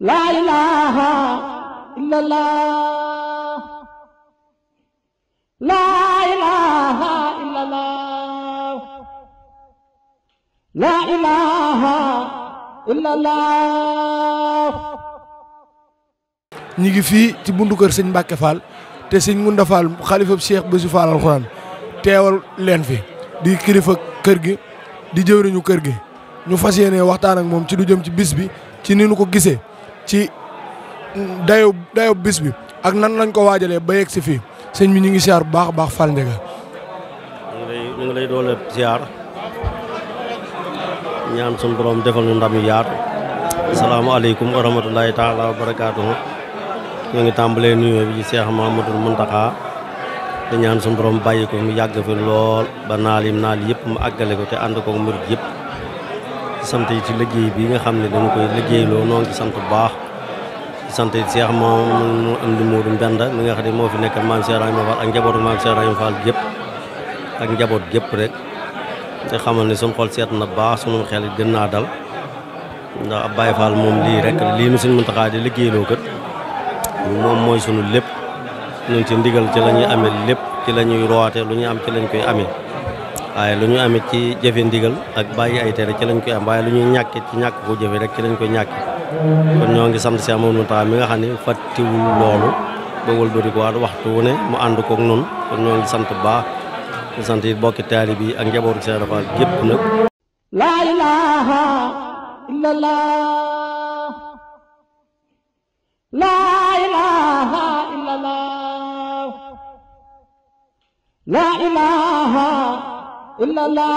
laa ngi fii ci buntu kër sëñ Mbacke te sëñ Ngunda Fall xalifa Cheikh Bésu Fall alxuraan teewal leen fi di kilifa kër gi di jëwriñu kër gi ñu fas yéene waxtaan ak moom ci lu jëm ci bis bi ci ni nu ko gisee. ci dayo dayo bis bi ak nan lañ ko waajalee ba yegg si fii sëñ bi ñu ngi siyaar bu baax a baax Fall Ndiaga. ñu ngi lay ñu ngi siyaar ñaan suñu borom defal ñu ndam yu yaatu. asalaamaaleykum wa rahmatulahi taala wa barakaatuhu. ñoo ngi tàmbalee nuyoo bi ci Cheikh Mahamadul Muntaxa di ñaan suñu borom bàyyi ko mu yàgg fi lool ba naalim naal yëpp mu àggale ko te ànd ko murid yëpp. sant yi ci liggéey bi nga xam ne dañu koy liggéeyloo noo ngi sant bu baax. sant Cheikh moom am di Modou Mbenda mi nga xam ne moo fi nekkal maam Cheikh Rahima Fall ak njabootu maam Cheikh Rahima Fall gépp ak njaboot gépp rek te xamal ne suñu xol seet na baax sunu xel gën naa dal ndax ab Baye Fall moom lii rek lii nu suñ Muntaxaa di liggéeyloo kat moom mooy sunu lépp ñun ci ndigal ci la ñuy amee lépp ci la ñuy roote lu ñu am ci lañ koy amee waaye lu ñu amee ci jëfe ndigal ak bàyyi ay tere ci lañ koy am waaye lu ñuy ñàkke ci ñàkk ko jëfe ci lañ koy ñàkke kon ñoo ngi sant Cheikh Mamadou Mountakha mi nga xam ne fàttiwul loolu ba wëlbati ko waat waxtu wu ne mu ànd koog noonu kon ñoo ngi sant bu baax di sant it bokki taalib yi ak njabootu Cheikh Rafal gépp nag. la ilaha illallah la